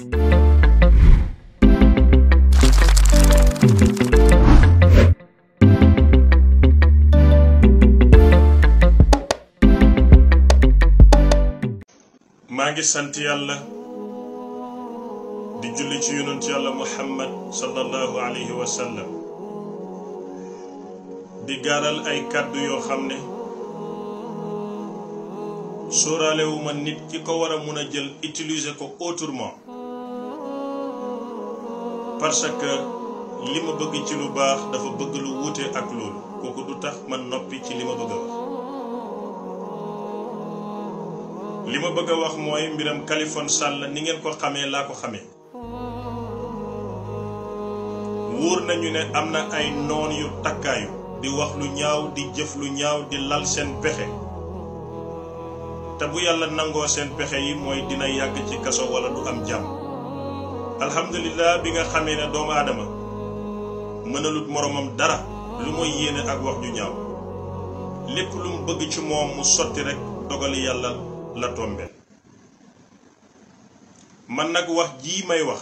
maa ngi sant yàlla di julli ci yonent yàlla muhammad sallallahu alayhi wa sallam gaaral ay kàddu yoo xam ne sóoraale ma nit ki ko war a jël utiliser ko autrement parce que li ma bëgg ci lu baax dafa bëgg lu wuute ak loolu kooku du tax man noppi ci li ma bëgg wax li ma bëgg wax mooy mbiram Kaliphone Sall ni ngeen ko xamee laa ko xamee wóor nañu ne am na ay noon yu takkaayu di wax lu ñaaw di jëf lu ñaaw di lal seen pexe te bu yàlla nangoo seen pexe yi mooy dina yàgg ci kaso walla du am jàmm alhamdulilah bi nga xamee ne doomu aadama mënalut moroomam dara lu may yéene ak wax ju ñaaw lépp lu mu bëgg ci moom mu sotti rekk dogali yàlla la tombeel man nag wax jii may wax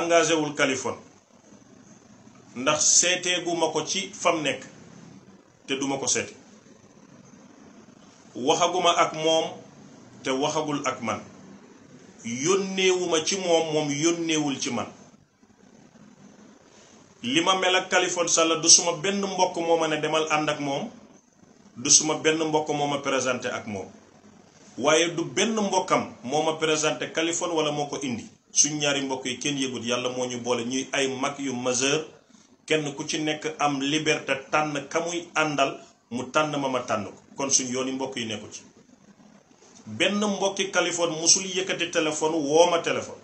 engagé wul Kaliphone ndax seeteeguma ko ci fam nekk te duma ko seete waxaguma ak moom te waxagul ak man yónneewuma ci moom moom yónneewul ci man li ma mel ak Kaliphone Sall du suma benn mbokk moo ma ne demal ànd ak moom du suma benn mbokk moom ma présenté ak moom waaye du benn mbokkam moo ma présenté Kaliphone wala moo ko indi suñ ñaari mbokk yi kenn yëgut yàlla moo ñu boole ñuy ay mag yu majeur kenn ku ci nekk am liberté tànn ka muy àndal mu tànn ma ma tànn ko kon suñ yooni mbokk yi nekku ci benn mbokki Californie mosul yëkkati téléphone woo ma téléphone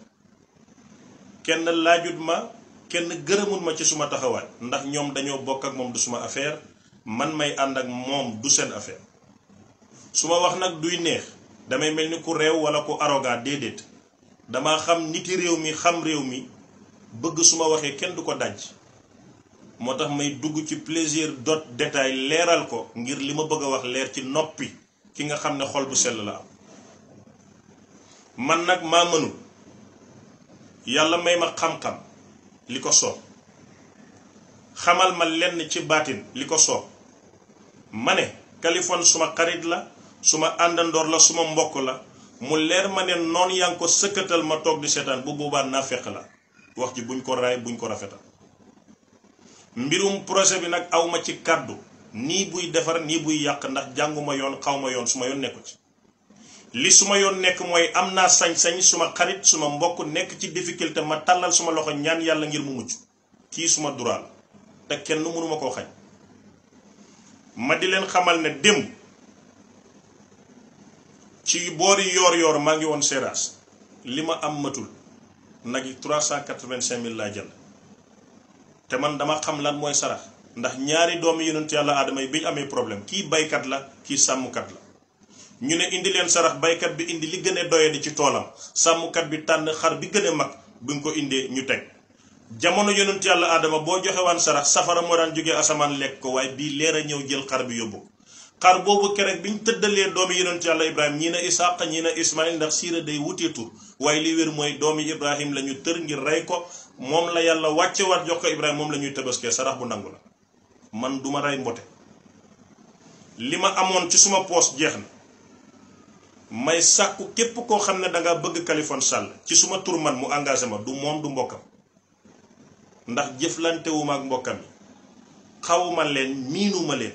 kenn laajut ma kenn gërëmut ma ci suma taxawaay ndax ñoom dañoo bokk ak moom du suma affaire man may ànd ak moom du seen affaire su ma wax nag duy neex damay mel ni ku réew wala ku aroga déedéet damaa xam niti réew mi xam réew mi bëgg su ma waxee kenn du ko daj moo tax may dugg ci plaisir dot détail leeral ko ngir li ma bëgg a wax leer ci noppi ki nga xam ne xol bu sell la am man nag maa mënul yàlla may ma xam-xam li ko soob xamal ma lenn ci baatin li ko soob ma ne Kaliphone suma xarit la suma àndandoor la suma mbokk la mu leer ma ne noon yaa ngi ko sëkkatal ma toog di seetaan bu boobaa naa fekk la wax ji buñ ko raay buñ ko rafetal mbirum projet bi nag awma ci kàddu nii buy defar nii buy yàq ndax jànguma yoon xawma yoon suma yoon nekku ci li su ma yoon nekk mooy am naa sañ-sañ suma xarit suma mbokk nekk ci difficulté ma tàllal suma loxo ñaan yàlla ngir mu mucc kii suma droit te kenn mënuma koo xañ ma di leen xamal ne démb ci boori yoor yoor maa ngi woon séeraas li ma am matul nag yi trois cent quatre vingt mille laa jël te man dama xam lan mooy sarax ndax ñaari doomu yonent yàlla aadama yi bi amee problème kii baykat la kii sàmmkat la ñu ne indi leen sarax baykat bi indi li gën a doyadi ci toolam sàmmukat bi tànn xar bi gën a mag bu ñu ko indee ñu teg jamono yonent yàlla aadama boo joxe waan sarax safara moo daan jógee asamaan lekk ko waaye bii leer a ñëw jël xar bi yóbbu xar boobu keroog bi ñu tëddalee doom doomi yonent yàlla ibrahim ñii na isaq ñii na ismail ndax siira day wutee tur waaye li wér mooy doom doomi ibrahim la ñu tër ngir rey ko moom la yàlla wàcce war jox ko ibrahim moom la ñuy tëbaskee sarax bu nangu la man duma rey mbote li ma amoon ci suma poos jeex na may sàkku képp koo xam ne danga bëgg Kaliphone Sall ci suma tur man mu engagé ma du moom du mbokkam ndax jëflantewuma ak mbokkam yi xawuma leen miinuma leen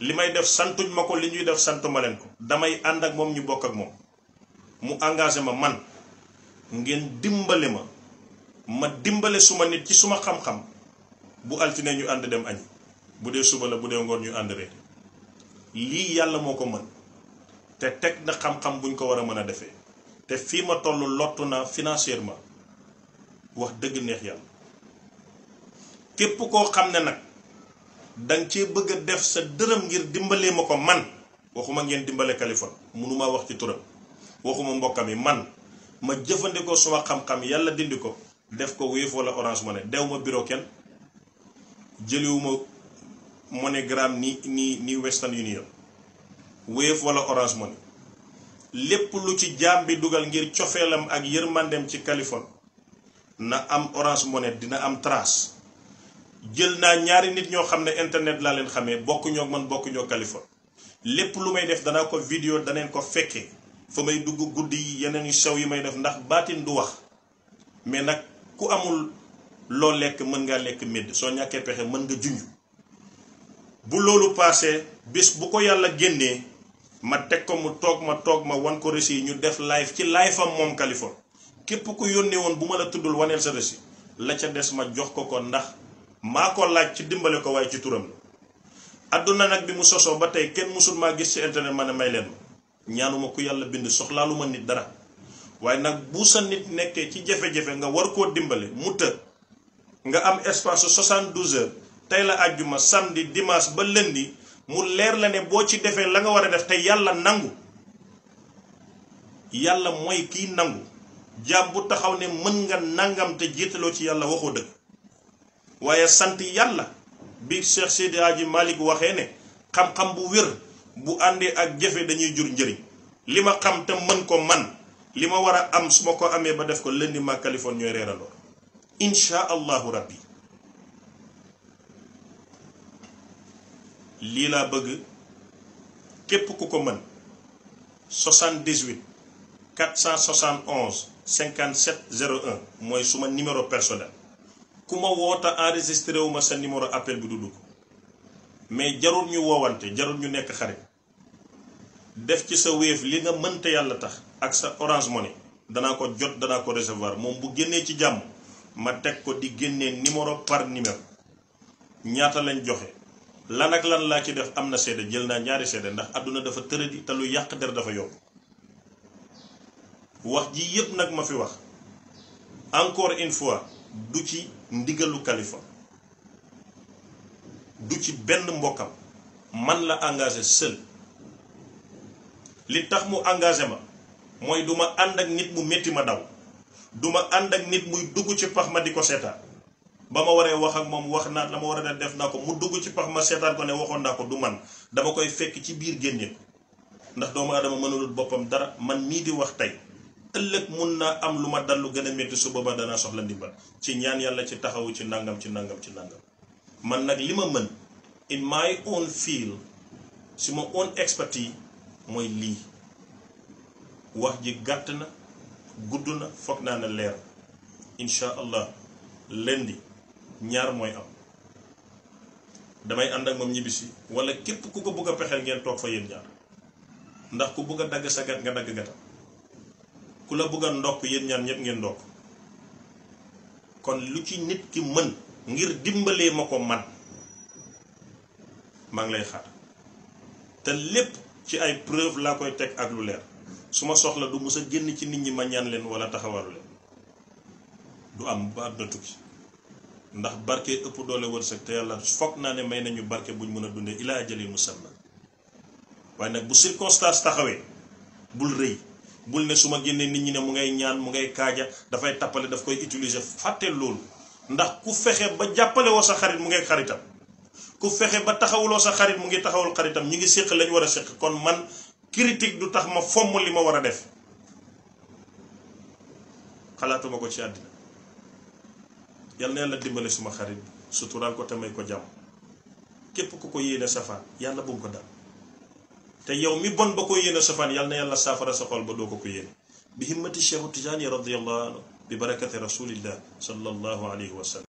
li may def santuñ ma ko li ñuy def santu ma leen ko damay ànd ak moom ñu bokk ak moom mu engagé ma man ngeen dimbale ma ma dimbale suma nit ci suma xam-xam bu altine ñu ànd dem añi bu dee suba la bu dee ngoon ñu ànd reer lii yàlla moo ko mën te teg na xam-xam buñ ko war a mën a defee te fii ma toll lottu na financièrement wax dëgg neex yàlla képp koo xam ne nag danga cee bëgg def sa dërëm ngir dimbalee ma ko man waxuma ngeen dimbale Kaliphone mënuma wax ci turam waxuma mbokkam yi man ma jëfandikoo suma xam-xam yàlla dindi ko def ko Wave wala Orange Money dew ma bureau kenn jëliwuma MoneyGram ni nii nii Western Union Wave wala Orange Money lépp lu ci jaam bi dugal ngir cofeelam ak yërmandem ci Californie na am Orange Money dina am trace jël naa ñaari nit ñoo xam ne internet laa leen xamee bokkuñoo man bokkuñoo Californie lépp lu may def danaa ko vidéo daneen ko fekkee fa may dugg guddi yi yeneen yu sew yi may def ndax baatin du wax mais nag ku amul loo lekk mën ngaa lekk médd soo ñàkkee pexe mën nga junj bu loolu paasee bis bu ko yàlla génnee ma teg ko mu toog ma toog ma wan ko reçu yi ñu def live ci live am moom Kaliphone képp ku yónnee woon bu ma la tuddul waneel sa reçu la ca des ma jox ko ko ndax maa ko laaj ci dimbale ko waaye ci turam la adduna nag bi mu sosoo ba tey kenn musul maa gis ci internet ma ne may leen ma ñaanuma ku yàlla bind soxlaalu ma nit dara waaye nag bu sa nit nekkee ci jafe-jafe nga war koo dimbale mu të nga am espace 72 heures tey la àjjuma samedi dimanche ba lundi mu leer la ne boo ci defee la nga war a def te yàlla nangu yàlla mooy kiy nangu jaam bu taxaw ne mën nga nangam te jiitaloo ci yàlla waxoo dëgg waaye sant yàlla bi Cheikh Seydi Hadji Malick waxee ne xam-xam bu wér bu àndee ak jëfe dañuy jur njëriñ li ma xam te mën ko man li ma war a am su ma ko amee ba def ko lëndi ma Californie ñooy reerandoo insha allahu rabbi lii laa bëgg képp ku ko mën 78 471 57 01 mooy suma numéro personnel ku ma woota enregistré wu ma sa numéro appel bi du dugg mais jarul ñu woowante jarul ñu nekk xarit def ci sa wéef li nga mënta yàlla tax ak sa orange money danaa ko jot danaa ko recevoir moom bu génnee ci jàmm ma teg ko di génnee numéro par numéro ñaata lañ joxe. lan ak lan laa ci def am na seede jël naa ñaari seede ndax àdduna dafa tëradi te lu yàq der dafa yomb wax ji yépp nag ma fi wax encore une fois du ci ndigalu kalifa du ci benn mbokkam man la engagé sël li tax mu engagé ma mooy duma ànd ak nit mu métti ma daw duma ànd ak nit muy dugg ci pax ma di ko seetaan ba ma waree wax ak moom wax naa la ma war a def naa ko mu dugg ci pax ma seetaan ko ne waxoon naa ko du man dama koy fekk ci biir génne ko ndax doomu aadama mënulul boppam dara man mii di wax tey ëllëg mun naa am lu ma dal lu gën a métti su boobaa danaa soxla ndimbal ci ñaan yàlla ci taxawu ci nangam ci nangam ci nangam man nag li ma mën in my own field si ma own expertise mooy lii wax ji gàtt na gudd na foog naa ne leer incha allah lundi ñaar mooy am damay ànd ak moom ñibbisi wala képp ku ko bëgg a pexeel ngeen toog fa yéen ñaar ndax ku bëgg a dagg sa gat nga dagg gatam ku la bëgg a ndokk yéen ñaar ñëpp ngeen ndokk kon lu ci nit ki mën ngir dimbalee ma ko man maa ngi lay xaar te lépp ci ay preuve laa koy teg ak lu leer su ma soxla du mës a génn ci nit ñi ma ñaan leen wala taxawalu leen du am ba àdduna tukki ndax barke ëpp doole wërsëg te yàlla foog naa ne may nañu barke ñu mën a dundee ilaa ajali musamma waaye nag bu circonstance taxawee bul rëy bul ne su ma génnee nit ñi ne mu ngay ñaan mu ngay kaaja dafay tappale daf koy utiliser fàtte loolu ndax ku fexe ba jàppale woo sa xarit mu ngay xaritam ku fexe ba taxawuloo sa xarit mu ngi taxawul xaritam ñu ngi séq lañ war a séq kon man critique du tax ma fomm li ma war a def xalaatuma ko ci àddina yal na yàlla dimbale suma xarit suturaal ko te may ko jàmm képp ku ko yéene safaan yàlla bu mu ko dal te yow mi bon ba ko yéene safaan na yàlla saafara sa xol ba doo ko ko yéene bi himmati cheikhu tijaani radiyallahu anhu bi barakati rasulillah sallallahu alayhi wa sallam